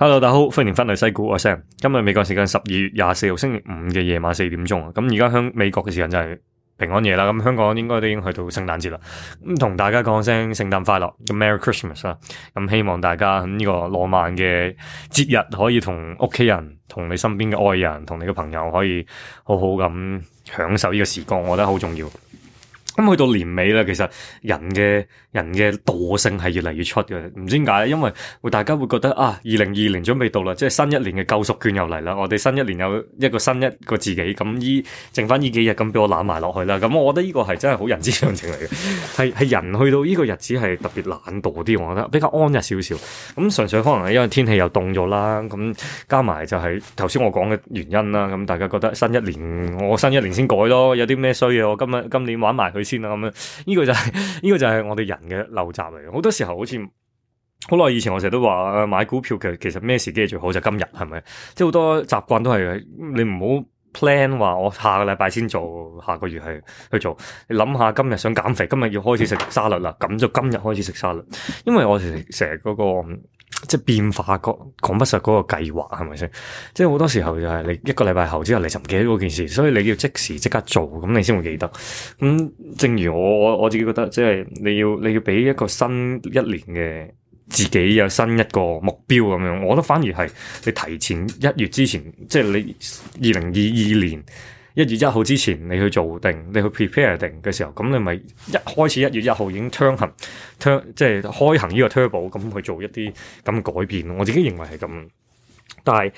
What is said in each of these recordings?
Hello，大家好，歡迎翻嚟西股，我係 Sam。今日美國時間十二月廿四號星期五嘅夜晚四點鐘啊，咁而家喺美國嘅時間就係平安夜啦。咁香港應該都已經去到聖誕節啦。咁同大家講聲聖誕快樂，咁 Merry Christmas 啦。咁希望大家喺呢個浪漫嘅節日，可以同屋企人、同你身邊嘅愛人、同你嘅朋友，可以好好咁享受呢個時光，我覺得好重要。咁去到年尾啦，其實人嘅人嘅惰性係越嚟越出嘅，唔知點解，因為會大家會覺得啊，二零二二年準備到啦，即係新一年嘅救贖券又嚟啦，我哋新一年有一個新一個自己，咁依剩翻呢幾日咁俾我攬埋落去啦，咁我覺得呢個係真係好人之常情嚟嘅，係係 人去到呢個日子係特別懶惰啲，我覺得比較安逸少少，咁純粹可能係因為天氣又凍咗啦，咁加埋就係頭先我講嘅原因啦，咁大家覺得新一年我新一年先改咯，有啲咩衰嘢我今日今年玩埋佢。咁樣，呢、呢個就係、是、呢、呢個就係我哋人嘅陋習嚟嘅。好多時候好似好耐以前我，我成日都話買股票其實其實咩時機最好就今日，係咪？即係好多習慣都係你唔好 plan 話我下個禮拜先做，下個月去去做。你諗下今日想減肥，今日要開始食沙律啦，咁就今日開始食沙律。因為我成成日嗰個。即係變化個講不實嗰個計劃係咪先？即係好多時候就係你一個禮拜後之後，你就唔記得嗰件事，所以你要即時即刻做，咁你先會記得。咁正如我我自己覺得，即係你要你要俾一個新一年嘅自己有新一個目標咁樣，我覺得反而係你提前一月之前，即係你二零二二年，一月一號之前，你去做定，你去 prepare 定嘅時候，咁你咪一開始一月一號已經推行，turn, 即係開行呢個 turbo，咁去做一啲咁改變，我自己認為係咁，但係。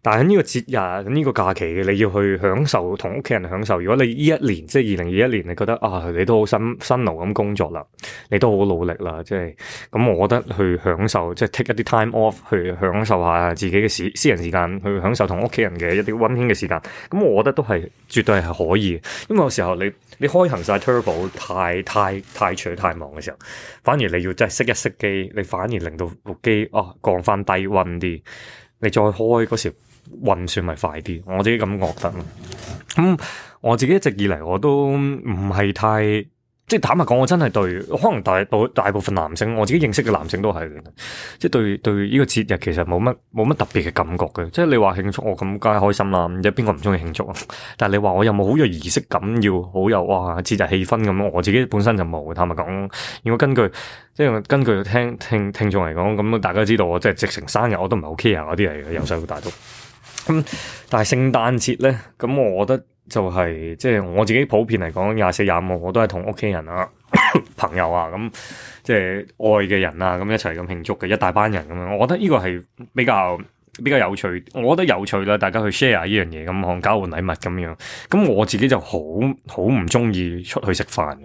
但喺呢個節日，呢個假期嘅，你要去享受同屋企人享受。如果你呢一年即係二零二一年，你覺得啊，你都好辛辛勞咁工作啦，你都好努力啦，即係咁，我覺得去享受即係、就是、take 一啲 time off 去享受下自己嘅私私人時間，去享受同屋企人嘅一啲溫馨嘅時間。咁、嗯、我覺得都係絕對係可以。因為有時候你你開行晒 turbo，太太太 too 太忙嘅時候，反而你要真係熄一熄機，你反而令到部機啊降翻低溫啲，你再開嗰時。運算咪快啲，我自己咁覺得。咁、嗯、我自己一直以嚟我都唔係太，即係坦白講，我真係對，可能大部大部分男性，我自己認識嘅男性都係，即係對對呢個節日其實冇乜冇乜特別嘅感覺嘅。即係你話慶祝，我咁梗係開心啦。有邊個唔中意慶祝啊？但係你話我有冇好有儀式感要，要好有哇節日氣氛咁，我自己本身就冇。坦白講，如果根據即係根據聽聽聽眾嚟講，咁大家知道我即係直成生日，我都唔係好 care 嗰啲嚟嘅，由細到大都。咁、嗯、但係聖誕節咧，咁、嗯、我覺得就係、是、即係我自己普遍嚟講，廿四廿五我都係同屋企人啊、 朋友啊，咁、嗯、即係愛嘅人啊，咁、嗯、一齊咁慶祝嘅，一大班人咁、啊、樣。我覺得呢個係比較比較有趣，我覺得有趣啦，大家去 share 呢樣嘢，咁、嗯、互交換禮物咁樣。咁、嗯嗯、我自己就好好唔中意出去食飯，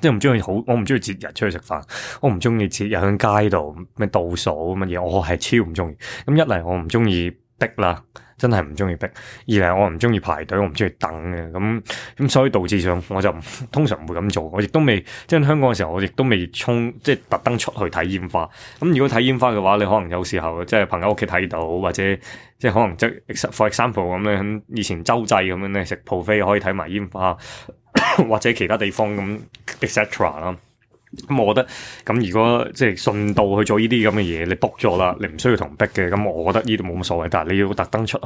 即係唔中意好，我唔中意節日出去食飯，我唔中意節日喺街度咩倒數乜嘢，我係超唔中意。咁、嗯、一嚟我唔中意。逼啦，真係唔鍾意逼。二嚟我唔鍾意排隊，我唔鍾意等嘅。咁咁所以導致上我就通常唔會咁做。我亦都未即係香港嘅時候我，我亦都未衝即係特登出去睇煙花。咁如果睇煙花嘅話，你可能有時候即係朋友屋企睇到，或者即係可能即係 for example 咁咧，以前洲際咁樣咧食 buffet 可以睇埋煙花， 或者其他地方咁 etc 啦。咁、嗯、我覺得咁、嗯、如果即係順道去做呢啲咁嘅嘢，你 book 咗啦，你唔需要同人逼嘅。咁、嗯、我覺得呢度冇乜所謂，但係你要特登出去，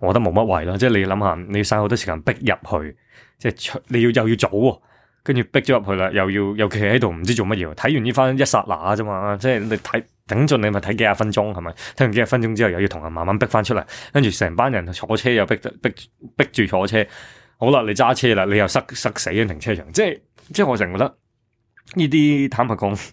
我覺得冇乜謂啦。即係你諗下，你要嘥好多時間逼入去，即係你要又要早、哦，跟住逼咗入去啦，又要尤其係喺度唔知做乜嘢。睇完呢翻一剎那啫嘛，即係你睇頂盡，頂盡你咪睇幾廿分鐘係咪？睇完幾廿分鐘之後，又要同人慢慢逼翻出嚟，跟住成班人坐車又逼逼逼,逼住坐車。好啦，你揸車啦，你又塞塞死喺停車場，即係即係我成日覺得。呢啲坦白講，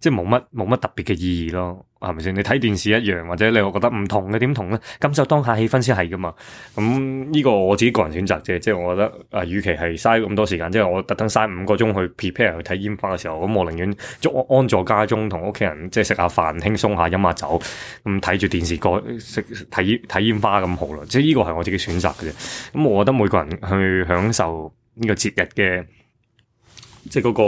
即係冇乜冇乜特別嘅意義咯，係咪先？你睇電視一樣，或者你會覺得唔同嘅點同咧？感受當下氣氛先係噶嘛？咁、嗯、呢、這個我自己個人選擇啫，即係我覺得啊，與、呃、其係嘥咁多時間，即係我特登嘥五個鐘去 prepare 去睇煙花嘅時候，咁、嗯、我寧願坐安坐家中家，同屋企人即係食下飯，輕鬆下，飲下酒，咁睇住電視個食睇睇煙花咁好啦。即係呢個係我自己選擇嘅啫。咁、嗯、我覺得每個人去享受呢個節日嘅。即係嗰個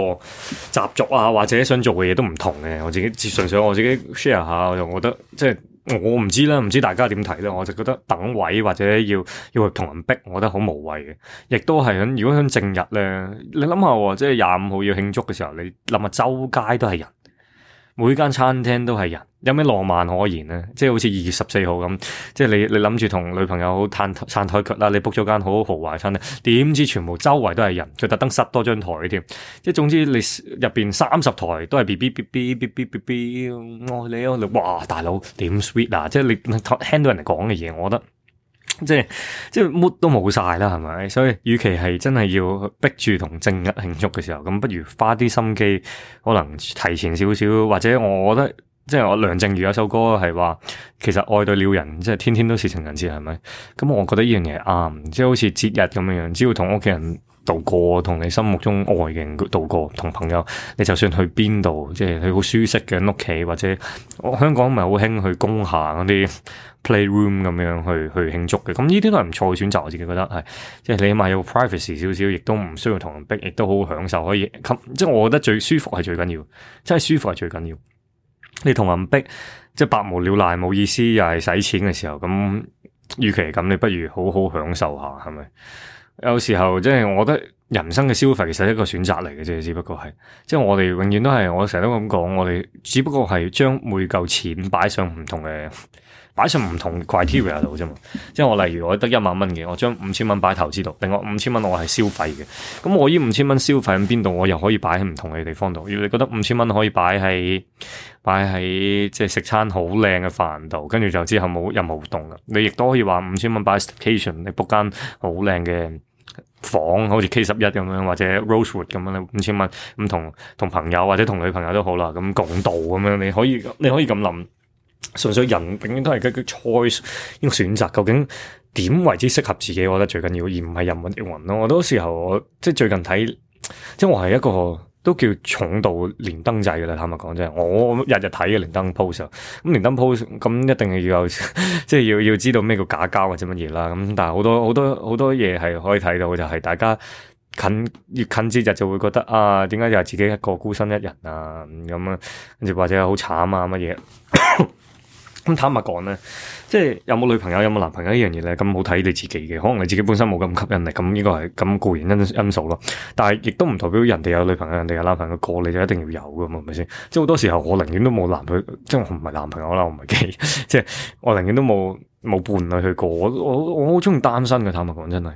習俗啊，或者想做嘅嘢都唔同嘅。我自己純粹我自己 share 下，我就覺得即係我唔知啦，唔知大家點睇啦。我就覺得等位或者要要同人逼，我覺得好無謂嘅。亦都係響如果響正日咧，你諗下喎，即係廿五號要慶祝嘅時候，你諗下周街都係人。每間餐廳都係人，有咩浪漫可言呢？即係好似二月十四號咁，即係你你諗住同女朋友嘆嘆台腳啦，你 book 咗間好豪華嘅餐廳，點知全部周圍都係人，佢特登塞多張台添。即係總之你入邊三十台都係嗶嗶嗶嗶嗶嗶嗶，我你我你，哇大佬點 sweet 啊！即係你聽到人哋講嘅嘢，我覺得。即係即係乜都冇晒啦，係咪？所以，與其係真係要逼住同正日慶祝嘅時候，咁不如花啲心機，可能提前少少，或者我覺得即係我梁靜茹有首歌係話，其實愛對了人，即係天天都是情人節，係咪？咁我覺得呢樣嘢啱，即係好似節日咁樣樣，只要同屋企人度過，同你心目中愛嘅人度過，同朋友，你就算去邊度，即係去好舒適嘅屋企，或者我香港唔係好興去工廈嗰啲。playroom 咁樣去去慶祝嘅，咁呢啲都係唔錯嘅選擇。我自己覺得係，即係你起碼有 privacy 少少，亦都唔需要同人逼，亦都好享受可以即係我覺得最舒服係最緊要，真係舒服係最緊要。你同人逼即係百無聊賴冇意思，又係使錢嘅時候，咁與其咁，你不如好好享受下係咪？有時候即係我覺得人生嘅消費其實係一個選擇嚟嘅啫，只不過係即係我哋永遠都係我成日都咁講，我哋只不過係將每嚿錢擺上唔同嘅。擺上唔同嘅 criteria 度啫嘛，即係我例如我得一萬蚊嘅，我將五千蚊擺投資度，另外五千蚊我係消費嘅。咁我呢五千蚊消費喺邊度，我又可以擺喺唔同嘅地方度。如果你覺得五千蚊可以擺喺擺喺即係食餐好靚嘅飯度，跟住就之後冇任何活動嘅，你亦都可以話五千蚊擺喺 station，你 book 間好靚嘅房，好似 K 十一咁樣或者 Rosewood 咁樣五千蚊，唔同同朋友或者同女朋友都好啦，咁共度咁樣，你可以你可以咁諗。純粹人永遠都係一個 choice 呢個選擇，究竟點為之適合自己，我覺得最緊要，而唔係人云亦云咯。我多時候我即係最近睇，即係我係一個都叫重度連登制嘅啦，坦白講真，我日日睇嘅連登 pose、嗯。咁連登 pose，咁、嗯、一定係要有， 即係要要知道咩叫假膠或者乜嘢啦。咁、嗯、但係好多好多好多嘢係可以睇到，就係、是、大家近越近節日，日就會覺得啊，點解又係自己一個孤身一人啊咁啊，跟住或者好慘啊乜嘢。 咁坦白講咧，即係有冇女朋友，有冇男朋友呢樣嘢咧，咁好睇你自己嘅。可能你自己本身冇咁吸引力，咁呢個係咁固然因因素咯。但係亦都唔代表人哋有女朋友，人哋有男朋友過你就一定要有噶嘛，係咪先？即係好多時候我寧願都冇男朋友，即係我唔係男朋友啦，我唔係基， 即係我寧願都冇冇伴侶去過。我我好中意單身嘅，坦白講真係，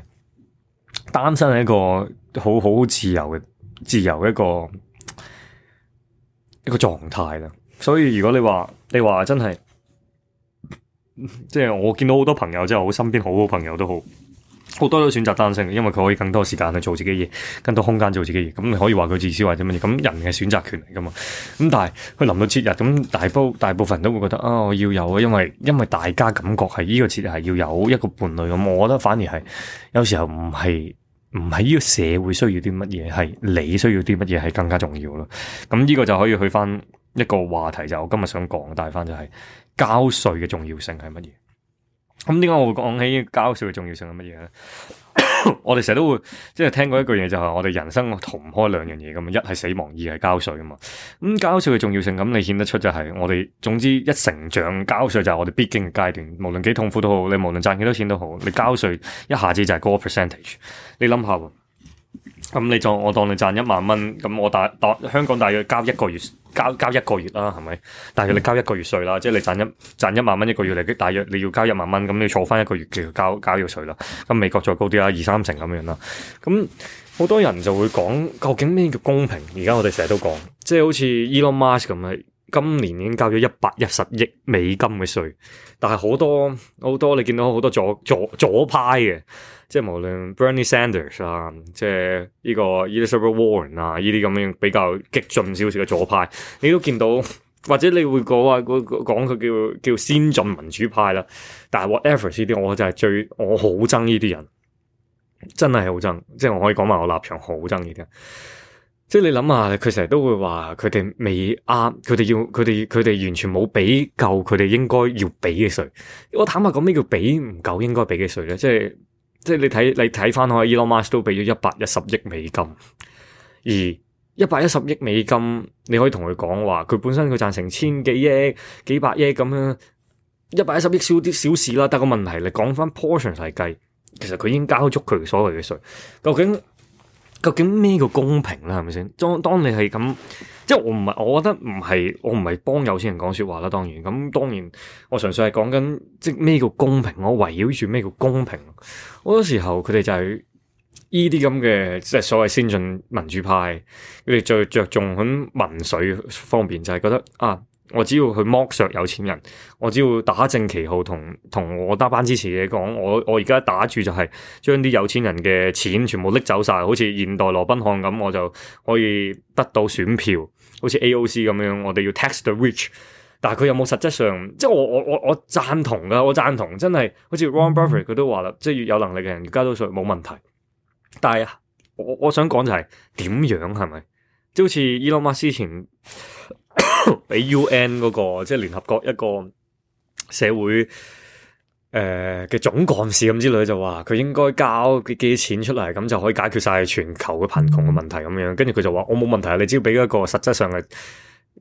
單身係一個好好自由嘅自由嘅一個一個狀態啦。所以如果你話你話真係。即係我見到好多朋友，即係我身邊好好的朋友都好，好多都選擇單身，因為佢可以更多時間去做自己嘢，更多空間做自己嘢，咁你可以話佢自私或者乜嘢。咁人嘅選擇權嚟㗎嘛？咁但係佢臨到節日，咁大部大部分人都會覺得啊、哦，我要有啊，因為因為大家感覺係呢個節日係要有一個伴侶咁。我覺得反而係有時候唔係唔係呢個社會需要啲乜嘢，係你需要啲乜嘢係更加重要咯。咁呢個就可以去翻一個話題，就是、我今日想講帶翻就係、是。交稅嘅重要性係乜嘢？咁點解我會講起交稅嘅重要性係乜嘢咧？我哋成日都會即係聽過一句嘢，就係我哋人生逃唔開兩樣嘢咁啊，一係死亡，二係交稅啊嘛。咁、嗯、交稅嘅重要性，咁你顯得出就係我哋總之一成長，交稅就係我哋必經嘅階段，無論幾痛苦都好，你無論賺幾多錢都好，你交稅一下子就係嗰個 percentage。你諗下。咁、嗯、你當我當你賺一萬蚊，咁我大當香港大約交一個月交交一個月啦，係咪？大約你交一個月稅啦，嗯、即係你賺一賺一萬蚊一個月，你大約你要交一萬蚊，咁你坐翻一個月嘅交交呢個稅啦。咁美國再高啲啦，二三成咁樣啦。咁好多人就會講，究竟咩叫公平？而家我哋成日都講，即係好似 Elon Musk 咁啊，今年已經交咗一百一十億美金嘅稅，但係好多好多你見到好多左左左派嘅。即係無論 Bernie Sanders 啦、啊，即係呢個 Elizabeth Warren 啊，呢啲咁樣比較激進少少嘅左派，你都見到，或者你會講話，講佢叫叫先進民主派啦。但係 whatever 呢啲，我就係最我好憎呢啲人，真係好憎，即係我可以講埋我立場，好憎呢啲人。即係你諗下，佢成日都會話佢哋未啱，啊、佢哋要佢哋佢哋完全冇俾夠佢哋應該要俾嘅稅。我坦白講，咩叫俾唔夠應該俾嘅稅咧？即係。即係你睇，你睇翻可，Elon Musk 都畀咗一百一十億美金，而一百一十億美金，你可以同佢講話，佢本身佢賺成千幾億、幾百億咁樣，一百一十億少啲小事啦，但係個問題，你講翻 portion 嚟計，其實佢已經交足佢所謂嘅稅，究竟？究竟咩叫公平咧？係咪先？當當你係咁，即係我唔係，我覺得唔係，我唔係幫有錢人講說話啦。當然，咁當然，我純粹係講緊，即係咩叫公平？我圍繞住咩叫公平？好多時候佢哋就係呢啲咁嘅，即係所謂先進民主派，佢哋最着重喺民粹方面，就係、是、覺得啊。我只要去剝削有錢人，我只要打正旗號，同同我搭班支持嘅講，我我而家打住就係將啲有錢人嘅錢全部拎走晒，好似現代羅賓漢咁，我就可以得到選票，好似 AOC 咁樣，我哋要 tax the rich，但係佢有冇實質上，即係我我我我贊同噶，我贊同，真係好似 Warren Buffett 佢都話啦，即係越有能力嘅人而家都冇問題，但係我我想講就係點樣係咪，即好似伊隆馬斯克之前。畀 U N 嗰個即係聯合國一個社會誒嘅、呃、總幹事咁之類，就話佢應該交幾多錢出嚟，咁就可以解決晒全球嘅貧窮嘅問題咁樣，跟住佢就話，我冇問題啊，你只要俾一個實質上嘅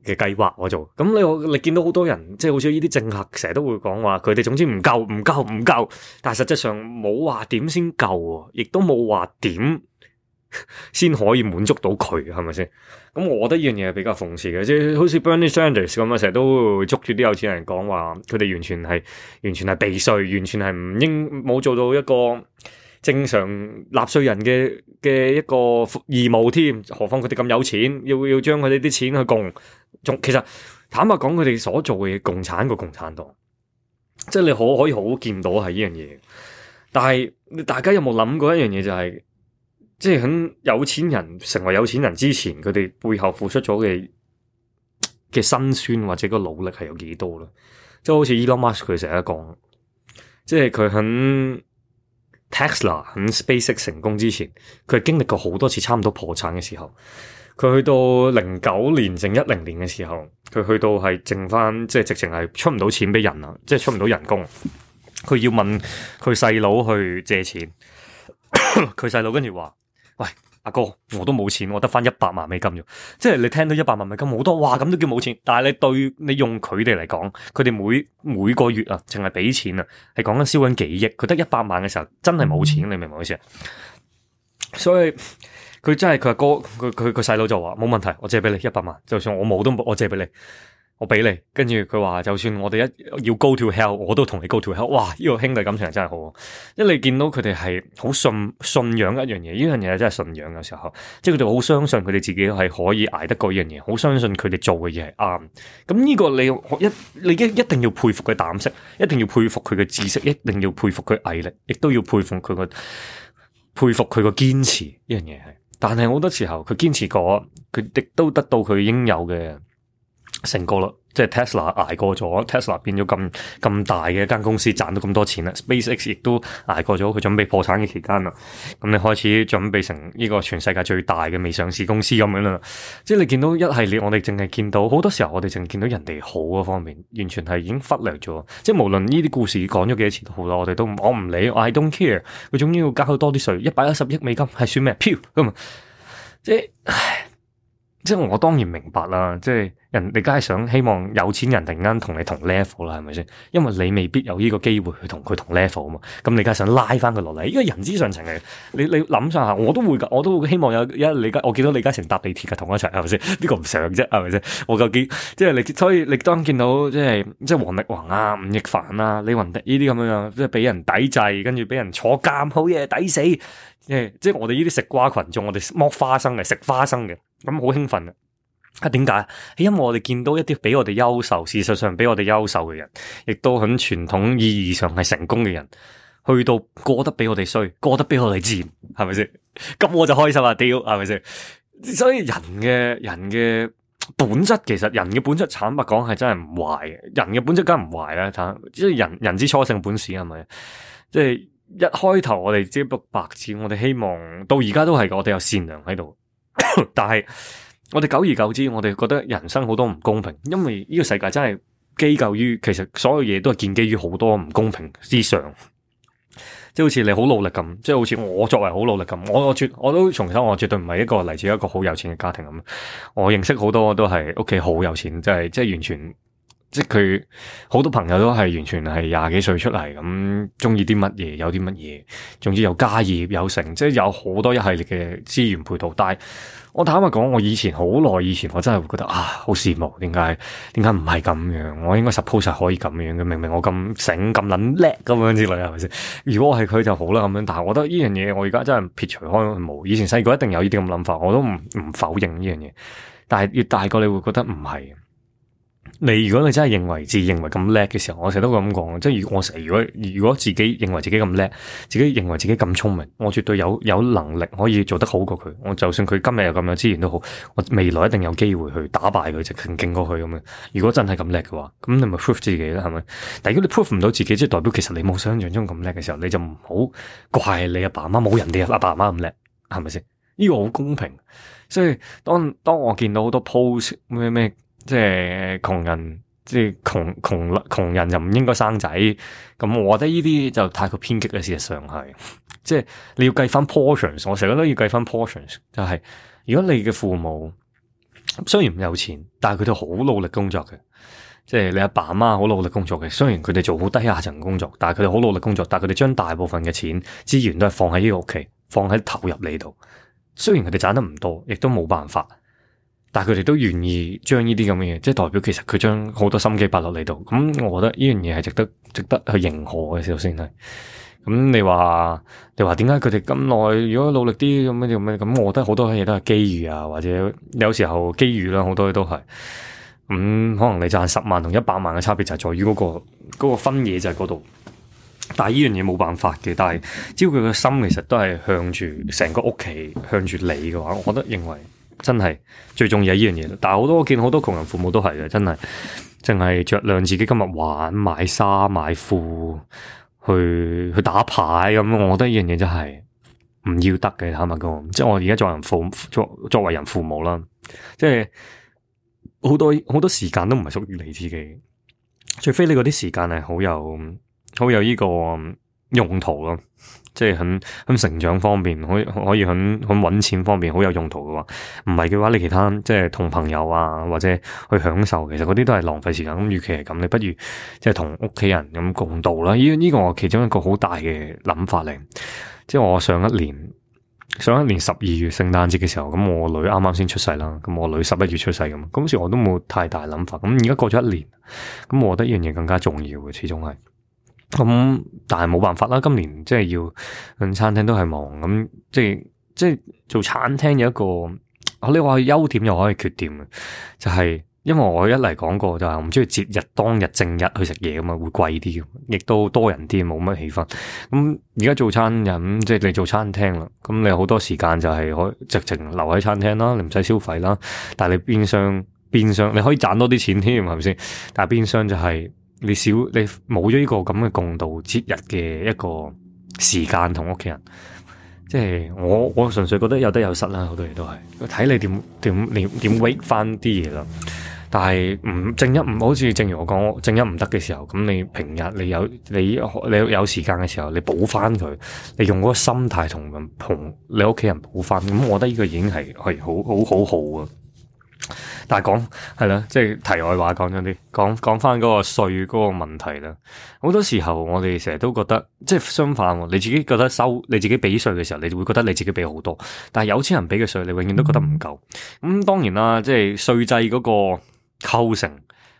嘅計劃我做，咁你我你見到好多人即係好似呢啲政客成日都會講話佢哋總之唔夠唔夠唔夠，但係實質上冇話點先夠，亦都冇話點。 先可以滿足到佢，係咪先？咁我覺得呢樣嘢係比較諷刺嘅，即係好似 Bernie Sanders 咁樣，成日都捉住啲有錢人講話，佢哋完全係完全係避稅，完全係唔應冇做到一個正常納稅人嘅嘅一個義務添。何況佢哋咁有錢，要要將佢哋啲錢去共，仲其實坦白講，佢哋所做嘅嘢，共產過共產黨，即係你可可以好見到係呢樣嘢。但係大家有冇諗過一樣嘢就係、是？即係喺有錢人成為有錢人之前，佢哋背後付出咗嘅嘅辛酸或者個努力係有幾多呢？即係好似 Elon Musk，佢成日講，即係佢喺 Tesla 喺 SpaceX 成功之前，佢係經歷過好多次差唔多破產嘅時候。佢去到零九年剩一零年嘅時候，佢去到係剩翻，即係直情係出唔到錢畀人啦，即係出唔到人工。佢要問佢細佬去借錢，佢細佬跟住話。喂，阿哥，我都冇錢，我得翻一百萬美金啫。即係你聽到一百萬美金好多，哇，咁都叫冇錢。但係你對，你用佢哋嚟講，佢哋每每個月啊，淨係俾錢啊，係講緊燒緊幾億，佢得一百萬嘅時候真係冇錢，你明唔明我意思啊？所以佢真係佢阿哥，佢佢佢細佬就話冇問題，我借俾你一百萬，就算我冇都冇，我借俾你。我俾你，跟住佢話就算我哋一要 go to hell，我都同你 go to hell。哇！呢、這個兄弟感情係真係好，一你見到佢哋係好信信仰一樣嘢，呢樣嘢真係信仰嘅時候，即係佢哋好相信佢哋自己係可以捱得過呢樣嘢，好相信佢哋做嘅嘢係啱。咁、嗯、呢、這個你一你一一定要佩服佢膽識，一定要佩服佢嘅知識，一定要佩服佢毅力，亦都要佩服佢個佩服佢個堅持呢樣嘢係。但係好多時候佢堅持過，佢亦都得到佢應有嘅。成個啦，即係 Tesla 捱過咗，Tesla 變咗咁咁大嘅一間公司，賺到咁多錢啦。SpaceX 亦都捱過咗，佢準備破產嘅期間啦。咁你開始準備成呢個全世界最大嘅未上市公司咁樣啦。即係你見到一系列，我哋淨係見到好多時候，我哋淨見到人哋好嘅方面，完全係已經忽略咗。即係無論呢啲故事講咗幾多次都好啦，我哋都我唔理，I don't care。佢終於要交多啲稅，一百一十億美金係算咩票咁？即係，唉。即係我當然明白啦，即係人你梗係想希望有錢人突然間同你同 level 啦，係咪先？因為你未必有呢個機會去同佢同 level 嘛。咁你梗係想拉翻佢落嚟，呢個人之常情嚟。你你諗下，我都會，我都會希望有一李我見到李嘉誠搭地鐵嘅同一場係咪先？呢、呢個唔想啫，係咪先？我究竟即係你，所以你當見到即係即係王力宏啊、吳亦凡啊、李雲迪呢啲咁樣樣，即係畀人抵制，跟住畀人坐監，好嘢抵死。誒，即係我哋呢啲食瓜群眾，我哋剝花生嘅，食花生嘅。咁好、嗯、興奮啊！啊，點解？係因為我哋見到一啲比我哋優秀，事實上比我哋優秀嘅人，亦都喺傳統意義上係成功嘅人，去到過得比我哋衰，過得比我哋賤，係咪先？咁、嗯、我就開心啊！屌，係咪先？所以人嘅人嘅本質，其實人嘅本質，坦白講係真係唔壞嘅。人嘅本質梗係唔壞啦，坦即係人人之初性本善，係咪？即、就、係、是、一開頭我哋只不過白紙，我哋希望到而家都係，我哋有善良喺度。 但係，我哋久而久之，我哋覺得人生好多唔公平，因為呢個世界真係機構於其實所有嘢都係建基於好多唔公平之上。即係好似你好努力咁，即係好似我作為好努力咁，我絕我都重申，我絕對唔係一個嚟自一個好有錢嘅家庭咁。我認識好多都係屋企好有錢，就是、即係即係完全。即係佢好多朋友都係完全係廿幾歲出嚟咁，中意啲乜嘢，有啲乜嘢，總之有家業有成，即係有好多一系列嘅資源配套。但係我坦白講，我以前好耐以前，我真係會覺得啊，好羨慕，點解點解唔係咁樣？我應該 suppose 可以咁樣嘅，明明我咁醒、咁撚叻咁樣之類，係咪先？ 如果我係佢就好啦咁樣。但係我覺得呢樣嘢，我而家真係撇除開冇。以前細個一定有呢啲咁諗法，我都唔唔否認呢樣嘢。但係越大個，你會覺得唔係。你如果你真係認為自認為咁叻嘅時候，我成日都咁講，即係如果我成日如果如果自己認為自己咁叻，自己認為自己咁聰明，我絕對有有能力可以做得好過佢。我就算佢今日有咁樣資源都好，我未來一定有機會去打敗佢，即係勁，勁過佢咁樣。如果真係咁叻嘅話，咁你咪 proof 自己啦，係咪？但如果你 proof 唔到自己，即係代表其實你冇想像中咁叻嘅時候，你就唔好怪你阿爸媽冇人哋阿爸媽咁叻，係咪先？呢個好公平。所以當當我見到好多 post 咩咩。即係窮人，即係窮窮窮人就唔應該生仔。咁我覺得呢啲就太過偏激喇。事實上係，即係你要計翻 portions。我成日都要計翻 portions，就係如果你嘅父母雖然唔有錢，但係佢哋好努力工作嘅。即係你阿爸阿媽好努力工作嘅，雖然佢哋做好低下層工作，但係佢哋好努力工作，但係佢哋將大部分嘅錢資源都係放喺呢個屋企，放喺投入你度。雖然佢哋賺得唔多，亦都冇辦法。但係佢哋都願意將呢啲咁嘅嘢，即係代表其實佢將好多心機擺落嚟度。咁、嗯、我覺得呢樣嘢係值得，值得去迎合嘅首先係。咁你話，你話點解佢哋咁耐？如果努力啲咁樣咁，咁、嗯、我覺得好多嘢都係機遇啊，或者有時候機遇啦，好多嘢都係。咁、嗯、可能你賺十萬同一百萬嘅差別就係在於嗰、嗰個、嗰個分野就喺嗰度。但係呢樣嘢冇辦法嘅，但係只要佢個心其實都係向住成個屋企，向住你嘅話，我覺得認為。真係最重要係呢樣嘢，但係好多我見好多窮人父母都係嘅，真係淨係着量自己今日玩買衫買褲去去打牌咁，我覺得呢樣嘢真係唔要得嘅，坦白講，即係我而家作為人父作作為人父母啦，即係好多好多時間都唔係屬於你自己，除非你嗰啲時間係好有好有呢個。用途咯，即係喺喺成長方面，可以可以喺喺揾錢方面好有用途嘅話，唔係嘅話，你其他即係同朋友啊，或者去享受，其實嗰啲都係浪費時間。咁與其係咁，你不如即係同屋企人咁共度啦。呢呢個我其中一個好大嘅諗法嚟。即係我上一年，上一年十二月聖誕節嘅時候，咁我女啱啱先出世啦，咁我女十一月出世咁，嗰時我都冇太大諗法。咁而家過咗一年，咁我覺得呢樣嘢更加重要嘅，始終係。咁、嗯、但係冇辦法啦，今年即係要，嗯、餐廳都係忙咁、嗯，即係即係做餐廳有一個，啊、你話係優點又可以缺點就係、是、因為我一嚟，講過就係我唔中意節日當日正日去食嘢咁啊，會貴啲，亦都多人啲，冇乜氣氛。咁而家做餐飲、嗯，即係你做餐廳啦，咁你好多時間就係可直情留喺餐廳啦，你唔使消費啦，但係你變相，變相你可以賺多啲錢添，係咪先？但係變相就係、是。你少你冇咗呢個咁嘅共度節日嘅一個時間同屋企人，即係我我純粹覺得有得有失啦，好多嘢都係睇你點點點點 wake 翻啲嘢啦。但係唔正一唔好似正如我講，正一唔得嘅時候，咁你平日你有你有你，你有時間嘅時候，你補翻佢，你用嗰個心態同同你屋企人補翻，咁我覺得呢個已經係係好好，好好好好啊。但係講係啦，即係題外話講咗啲，講講翻嗰個稅嗰個問題啦。好多時候我哋成日都覺得，即係相反喎，你自己覺得收你自己畀稅嘅時候，你就會覺得你自己畀好多。但係有錢人畀嘅稅，你永遠都覺得唔夠。咁、嗯、當然啦，即係稅制嗰個構成。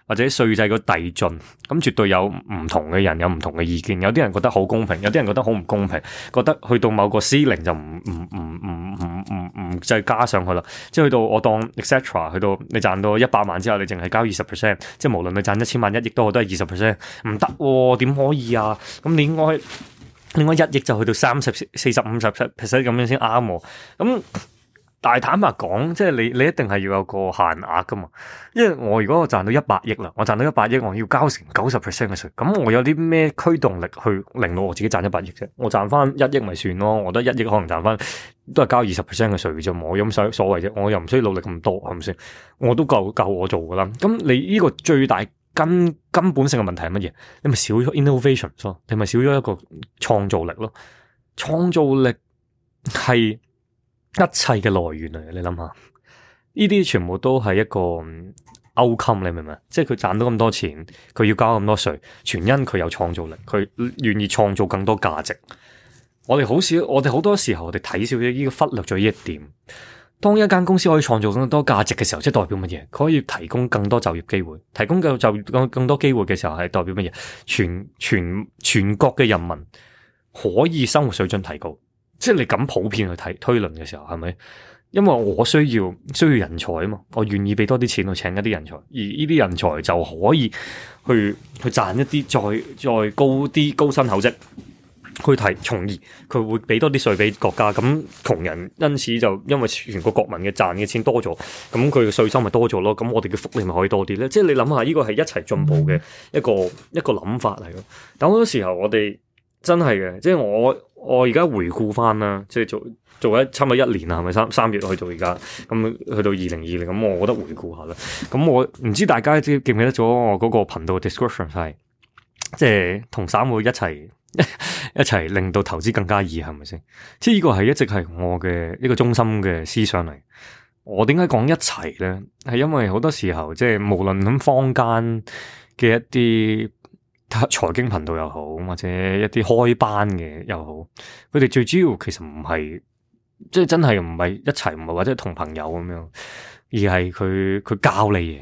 或者稅制個遞進，咁、嗯、絕對有唔同嘅人有唔同嘅意見，有啲人覺得好公平，有啲人覺得好唔公平，覺得去到某個 C 零就唔唔唔唔唔唔唔再加上去啦，即係去到我當 etc 去到你賺到一百萬之後你，你淨係交二十 percent，即係無論你賺一千萬一億都好，都係二十 percent，唔得喎，點、哦、可以啊？咁你應該你應該一億就去到三十四十五十 percent 咁樣先啱喎，咁、嗯。但坦白講，即係你你一定係要有個限額噶嘛。因為我如果我賺到一百億啦，我賺到一百億，我要交成九十 percent 嘅稅。咁我有啲咩驅動力去令到我自己賺一百億啫？我賺翻一億咪算咯？我覺得一億可能賺翻都係交二十 percent 嘅稅啫。我有咩所所謂啫？我又唔需要努力咁多，係咪先？我都夠夠我做噶啦。咁你呢個最大根根本性嘅問題係乜嘢？你咪少咗 innovation 咯、啊，你咪少咗一個創造力咯、啊。創造力係一切嘅來源啊！你諗下，呢啲全部都係一個勾襟，你明唔明？即係佢賺到咁多錢，佢要交咁多稅，全因佢有創造力，佢願意創造更多價值。我哋好少，我哋好多時候，我哋睇少咗呢個，忽略咗呢一點。當一間公司可以創造咁多價值嘅時候，即係代表乜嘢？佢可以提供更多就業機會，提供夠就業更多機會嘅時候，係代表乜嘢？全全全國嘅人民可以生活水準提高。即係你咁普遍去睇推論嘅時候，係咪？因為我需要需要人才啊嘛，我願意俾多啲錢去請一啲人才，而呢啲人才就可以去去賺一啲再再高啲高薪厚職，去提，從而佢會俾多啲稅俾國家。咁窮人因此就因為全國國民嘅賺嘅錢多咗，咁佢嘅稅收咪多咗咯？咁我哋嘅福利咪可以多啲咧？即係你諗下，呢個係一齊進步嘅一個一個諗法嚟咯。但好多時候我哋真係嘅，即係我。我而家回顧翻啦，即係做做咗差唔多一年啦，係咪三三月去做，而家，咁去到二零二零，咁我覺得回顧下啦。咁我唔知大家記唔記得咗我嗰個頻道嘅 description 係，即係同散妹一齊 一齊令到投資更加易，係咪先？即係呢個係一直係我嘅一個中心嘅思想嚟。我點解講一齊咧？係因爲好多時候即係無論喺坊間嘅一啲。財經頻道又好，或者一啲開班嘅又好，佢哋最主要其實唔係，即係真係唔係一齊，唔係或者同朋友咁樣，而係佢佢教你嘢。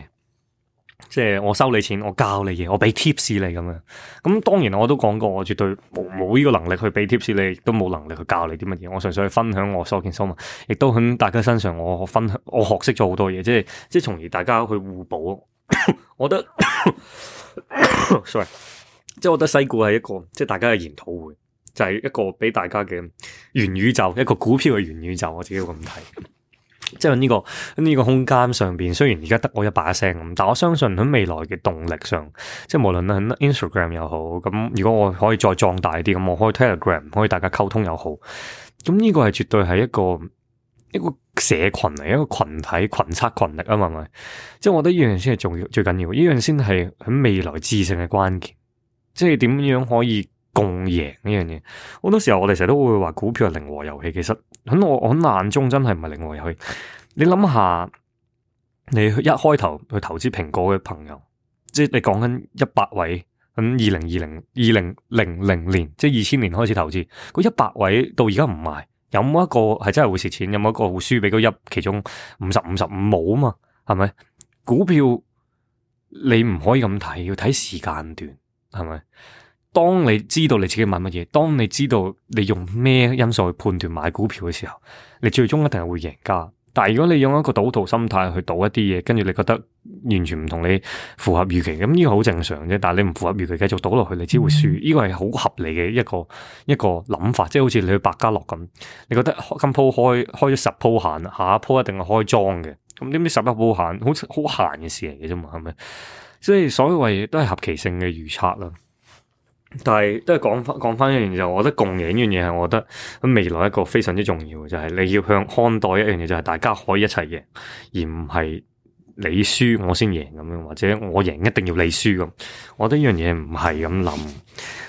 即係我收你錢，我教你嘢，我俾貼士你咁樣。咁，嗯，當然我都講過，我絕對冇冇呢個能力去俾貼士你，亦都冇能力去教你啲乜嘢。我純粹係分享我所見所聞，亦都喺大家身上我分享，我學識咗好多嘢，即係即係從而大家去互補。 我覺得 ，sorry。即係我覺得西股係一個即係大家嘅研討會，就係、是、一個俾大家嘅元宇宙，一個股票嘅元宇宙。我自己會咁睇，即係呢、這個呢個空間上邊，雖然而家得我一把聲咁，但我相信喺未來嘅動力上，即係無論喺 Instagram 又好咁，如果我可以再壯大啲咁，我可以 Telegram 可以大家溝通又好，咁呢個係絕對係一個一個社群嚟，一個群體群策群力啊，係咪？即係我覺得呢樣先係重要最緊要，呢樣先係喺未來知性嘅關鍵。即係點樣可以共贏呢樣嘢？好多時候我哋成日都會話股票係零和遊戲。其實喺我喺眼中真係唔係零和遊戲。你諗下，你一開頭去投資蘋果嘅朋友，即係你講緊一百位咁，二零二零二零零零年，即係二千年開始投資，嗰一百位到而家唔賣，有冇一個係真係會蝕錢？有冇一個會輸俾嗰一其中五十五十五冇啊嘛？係咪？股票你唔可以咁睇，要睇時間段。係咪？當你知道你自己買乜嘢，當你知道你用咩因素去判斷買股票嘅時候，你最終一定係會贏家。但係如果你用一個賭徒心態去賭一啲嘢，跟住你覺得完全唔同你符合預期，咁呢個好正常啫。但係你唔符合預期，繼續賭落去，你只會輸。呢個係好合理嘅一個一個諗法，即係好似你去百家樂咁，你覺得今鋪開開咗十鋪閒，下一鋪一定係開莊嘅。咁點知十一鋪閒，好似好閒嘅事嚟嘅啫嘛，係咪？即所以所謂都係合其性嘅預測啦，但係都係講翻講翻一樣嘢，我覺得共贏呢樣嘢係我覺得未來一個非常之重要嘅就係、是、你要向看待一樣嘢就係、是、大家可以一齊贏，而唔係你輸我先贏咁樣，或者我贏一定要你輸咁。我覺得呢樣嘢唔係咁諗，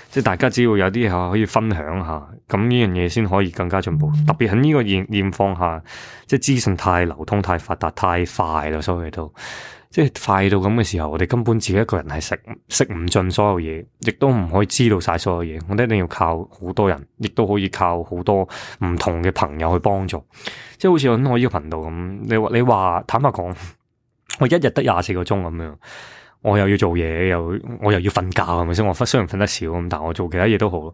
即係大家只要有啲可以分享一下咁呢樣嘢先可以更加進步。特別喺呢個現現況下，即係資訊太流通、太發達、太快啦，所以都。即係快到咁嘅時候，我哋根本自己一個人係食食唔盡所有嘢，亦都唔可以知道晒所有嘢。我哋一定要靠好多人，亦都可以靠好多唔同嘅朋友去幫助。即係好似我呢個頻道咁，你你話，坦白講，我一日得廿四個鐘咁樣，我又要做嘢，又我又要瞓覺係咪先？我雖然瞓得少，咁但係我做其他嘢都好。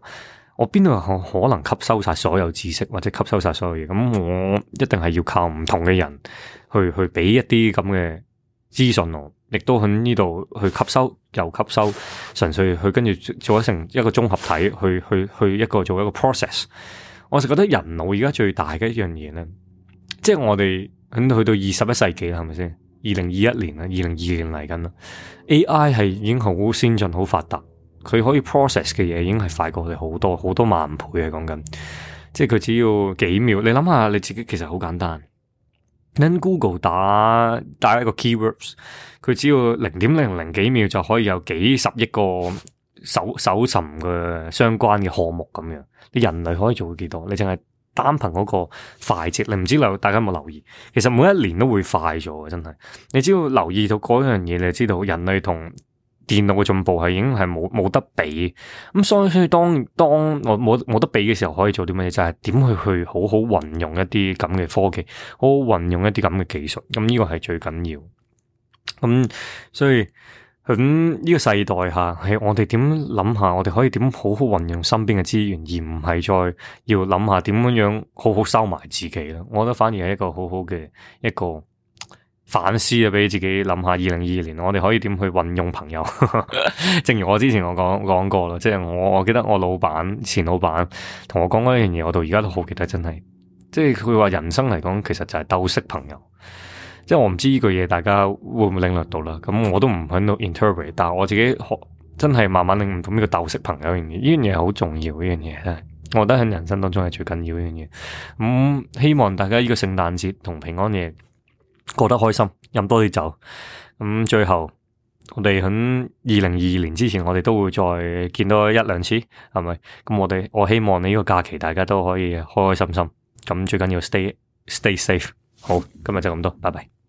我邊度可可能吸收晒所有知識或者吸收晒所有嘢？咁我一定係要靠唔同嘅人去去俾一啲咁嘅。資訊咯，亦都喺呢度去吸收，又吸收，純粹去跟住做咗成一個綜合體，去去去一個做一個 process。我就覺得人腦而家最大嘅一樣嘢咧，即係我哋喺去到二十一世紀啦，係咪先？二零二一年啦，二零二二年嚟緊啦，AI 係已經好先進、好發達，佢可以 process 嘅嘢已經係快過我哋好多，好多萬倍啊！講緊，即係佢只要幾秒，你諗下你自己其實好簡單。因 Google 打打一個 keywords，佢只要零點零零幾秒就可以有幾十億個搜搜尋嘅相關嘅項目咁樣，你人類可以做到幾多？你淨係單憑嗰個快捷，你唔知留大家有冇留意？其實每一年都會快咗，真係。你只要留意到嗰樣嘢，你就知道人類同。電腦嘅進步係已經係冇冇得比，咁所以所以當當我冇冇得比嘅時候，可以做啲乜嘢？就係點去去好好運用一啲咁嘅科技，好好運用一啲咁嘅技術，咁呢個係最緊要。咁所以喺呢個世代下，係我哋點諗下，我哋可以點好好運用身邊嘅資源，而唔係再要諗下點樣樣好好收埋自己啦。我覺得反而係一個好好嘅一個。反思啊，俾自己諗下二零二二年，我哋可以點去運用朋友？ 正如我之前我講講過啦，即係我我記得我老闆前老闆同我講過一樣嘢，我到而家都好記得，真係，即係佢話人生嚟講，其實就係鬥識朋友。即係我唔知呢句嘢大家會唔會領略到啦？咁我都唔喺度 interpret，但係我自己學真係慢慢領悟到呢個鬥識朋友呢樣嘢，呢樣嘢好重要，呢樣嘢真係，我覺得喺人生當中係最緊要呢樣嘢。咁、嗯、希望大家呢個聖誕節同平安夜，過得開心，飲多啲酒。咁最後，我哋喺二零二二年之前，我哋都會再見多一兩次，係咪？咁我哋我希望你呢個假期大家都可以開開心心。咁最緊要 stay stay safe。好，今日就咁多，拜拜。